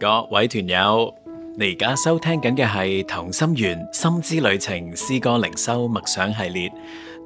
各位團友，你而家收聽緊嘅係《同心圓心之旅程詩歌靈修默想系列》，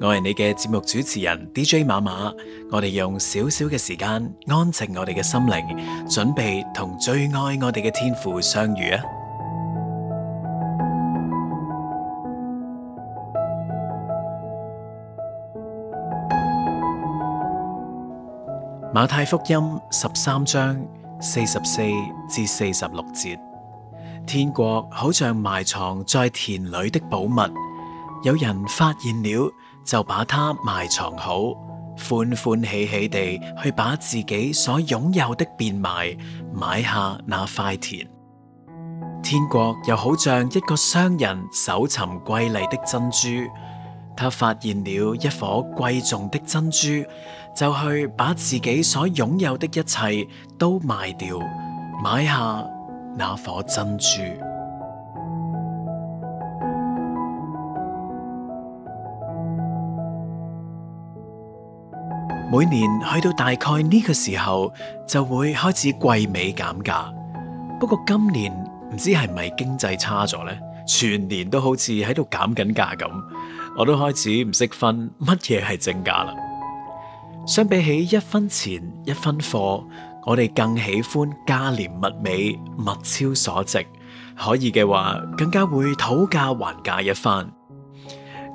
我係你嘅節目主持人 DJ 馬馬，我哋用少少嘅時間安靜我哋嘅心靈，準備同最愛我哋嘅天父相遇啊！馬太福音十三章。四十四至四十六節，天國好像埋藏在田裡的寶物，有人發現了，就把它埋藏好，歡歡喜喜地去把自己所擁有的變賣，買下那塊田。天國又好像一個商人搜尋瑰麗的珍珠。他發現了一顆貴重的珍珠，就去把自己所擁有的一切都賣掉，買下那顆珍珠。每年去到大概呢個時候，就會開始季尾減價。不過今年唔知係咪經濟差咗呢，全年都好似喺度減緊價咁。我都開始唔識分乜嘢係正價啦。相比起一分錢一分貨，我哋更喜歡，價廉物美、物超所值。可以嘅話，更加會討價還價一番。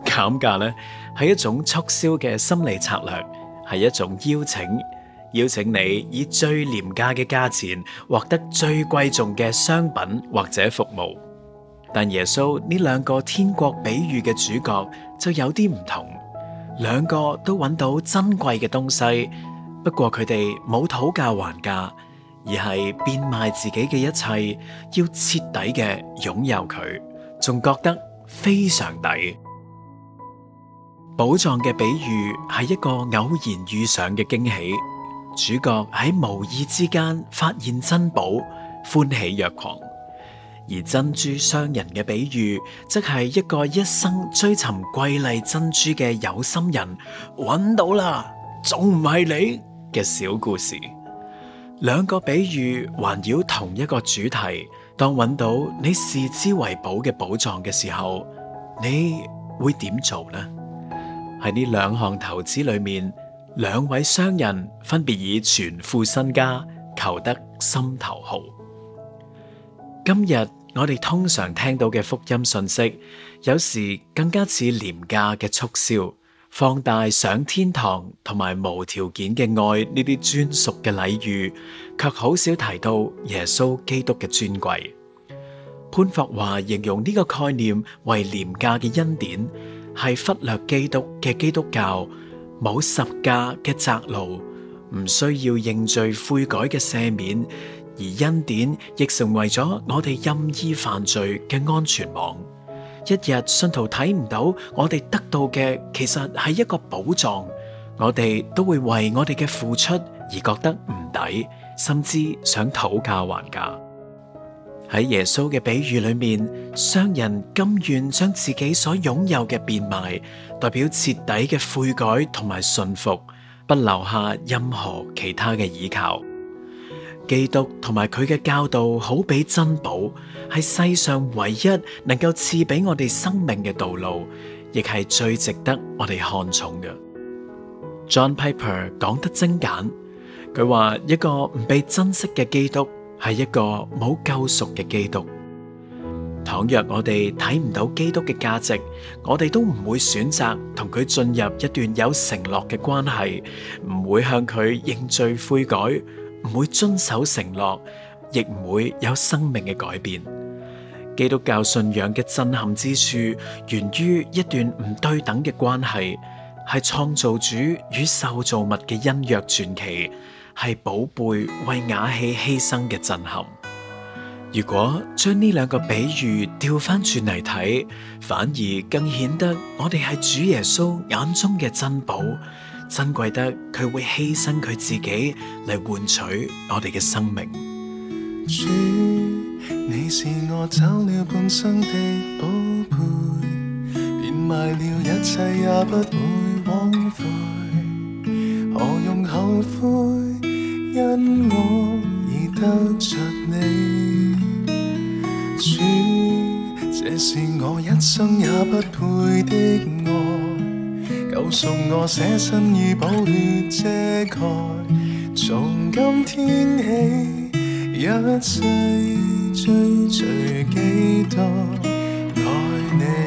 減價呢係一種促銷嘅心理策略，係一種邀請，邀請你以最廉價嘅價錢獲得最貴重嘅商品或者服務。但耶穌呢兩個天國比喻嘅主角就有啲唔同，兩個都揾到珍貴嘅東西，不過佢哋冇討價還價，而係變賣自己嘅一切，要徹底嘅擁有佢，仲覺得非常抵。寶藏嘅比喻係一個偶然遇上嘅驚喜，主角喺無意之間發現珍寶，歡喜若狂。而珍珠商人嘅比喻，即係一個一生追尋瑰麗珍珠嘅有心人揾到啦，仲唔係你嘅小故事？兩個比喻環繞同一個主題，當揾到你視之為寶嘅寶藏嘅時候，你會點做呢？喺呢兩項投資裏面，兩位商人分別以全副身家求得心頭好。今日，我哋通常聽到嘅福音信息，有時更加似廉價嘅促銷，放大上天堂同埋無條件嘅愛呢啲專屬嘅禮遇，卻好少提到耶穌基督嘅尊貴。潘霍華形容呢個概念為廉價嘅恩典，係忽略基督嘅基督教，冇十架嘅窄路，唔需要認罪悔改嘅赦免。而恩典亦成為咗我哋任意犯罪嘅安全網。一日信徒睇唔到我哋得到嘅，其實係一個寶藏，我哋都會為我哋嘅付出而覺得唔抵，甚至想討價還價。喺耶穌嘅比喻裏面，商人甘願將自己所擁有嘅變賣，代表徹底嘅悔改同埋信服，不留下任何其他嘅倚靠。基督同埋佢嘅教導好比珍寶，係世上唯一能夠賜俾我哋生命嘅道路，亦係最值得我哋看重嘅。John Piper 講得精簡，佢話一個唔被珍惜嘅基督係一個冇救贖嘅基督。倘若我哋睇唔到基督嘅價值，我哋都唔會選擇同佢進入一段有承諾嘅關係，唔會向佢認罪悔改。唔會遵守承諾，亦唔會有生命嘅改變。基督教信仰嘅震撼之處，源於一段唔對等嘅關係，係創造主與受造物嘅恩約傳奇，係寶貝為瓦器犧牲嘅震撼。如果將呢兩個比喻調翻轉嚟睇，反而更顯得我哋係主耶穌眼中嘅珍寶。珍貴得佢會犧牲佢自己嚟換取我哋嘅生命。主，你是我找了半生的寶貝，變賣了一切也不會枉費，何用後悔？因我而得着你，主，這是我一生也不配的愛。送我捨身以寶血遮蓋，從今天起，一切追隨幾多愛你。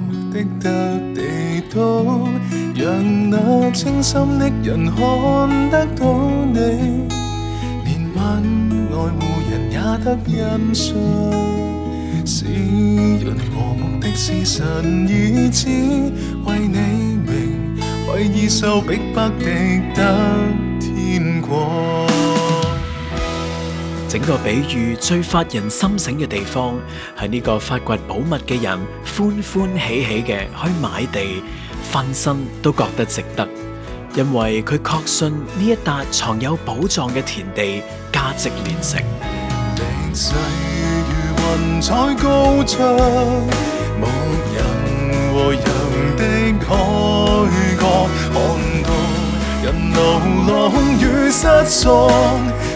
滴得地土，讓那清心的人看得到你，連萬愛護人也得欣賞，使人和睦的事神已知，為你明，為義受逼迫，迫的得天國。整個比喻最發人心醒，發人深省嘅地方係呢個發掘寶物嘅人，歡歡喜喜嘅去買地、瞓身，都覺得值得，因為佢確信呢一笪藏有寶藏嘅田地，價值連城。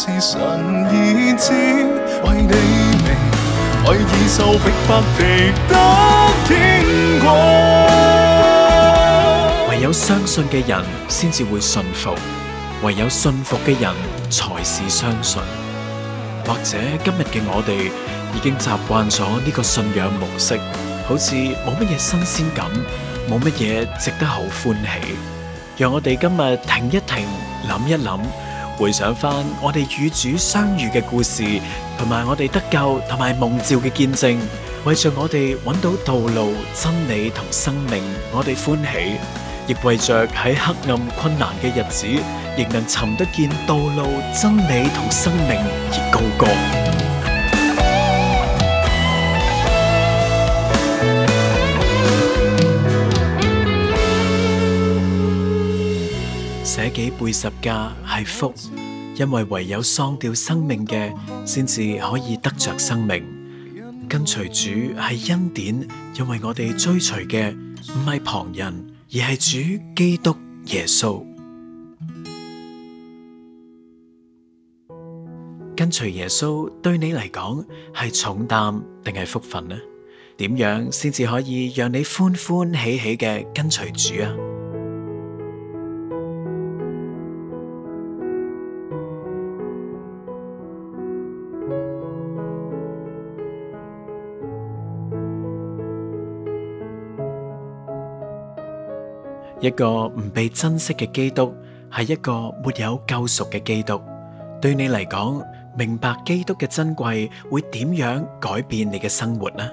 唯有相信嘅人先至會信服，唯有信服嘅人才是相信。或者今日嘅我哋已經習慣咗呢個信仰模式，好似冇乜嘢新鮮感，冇乜嘢值得好歡喜。讓我哋今日停一停，諗一諗。回想翻我哋與主相遇嘅故事，同埋我哋得救同埋蒙召嘅見證，為着我哋搵到道路、真理同生命，我哋歡喜；亦為着喺黑暗困難嘅日子，仍能尋得見道路、真理同生命而高歌。自己背十架係福，因為唯有喪掉生命嘅，先至可以得着生命。跟隨主係恩典，因為我哋追隨嘅唔係旁人，而係主基督耶穌。跟隨耶穌對你嚟講係重擔定係福分呢？點樣先至可以讓你歡歡喜喜嘅跟隨主啊？一個唔被珍惜嘅基督，係一個沒有救贖嘅基督。對你嚟講，明白基督嘅珍貴，會點樣改變你嘅生活呢？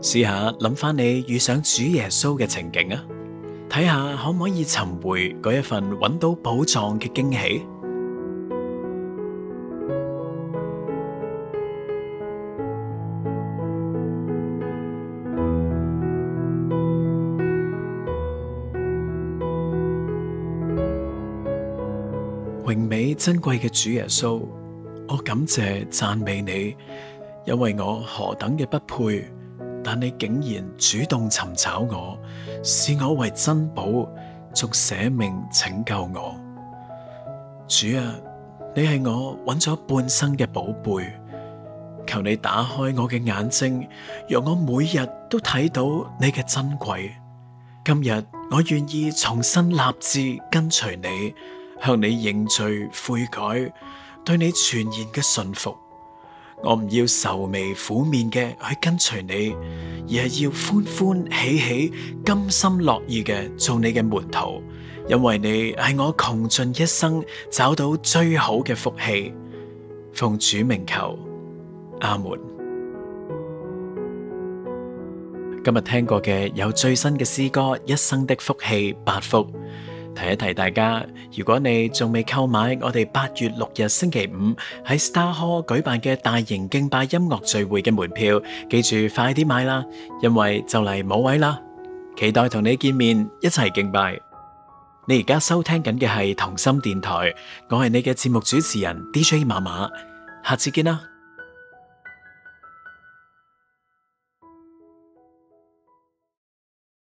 試下諗返你遇上主耶穌嘅情景啊！睇下可唔可以尋回嗰一份揾到寶藏嘅驚喜。榮美珍貴嘅主耶穌，我感謝讚美你，因為我何等嘅不配。但你竟然主動尋找我，視我為珍寶，仲捨命拯救我。主啊，你係我揾咗半生嘅寶貝，求你打開我嘅眼睛，讓我每日都睇到你嘅珍貴。今日我願意重新立志跟隨你，向你認罪悔改，對你全然嘅順服。我唔要愁眉苦面嘅去跟隨你，而係要歡歡喜喜、甘心樂意嘅做你嘅門徒，因為你係我窮盡一生找到最好嘅福氣。奉主名求，阿門。今日聽過嘅有最新嘅詩歌《一生的福氣》，八福。提一提大家，如果你仲未購買我哋八月六日星期五喺 Star Hall 舉辦嘅大型敬拜音樂聚會嘅門票，記住快啲買啦，因為就嚟冇位啦！期待同你見面一齊敬拜。你而家收聽緊嘅係同心電台，我係你嘅節目主持人 DJ 馬馬，下次見啦！